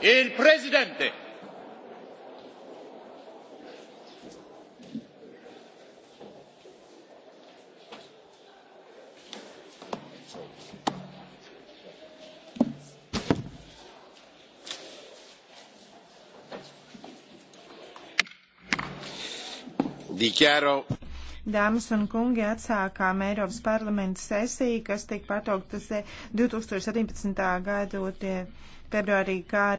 il presidente. Dichiaro. Dāmas un kungi, atsākām Eiropas parlamenta sesiju, kas tika patauktas 2017. gadotie februārī kā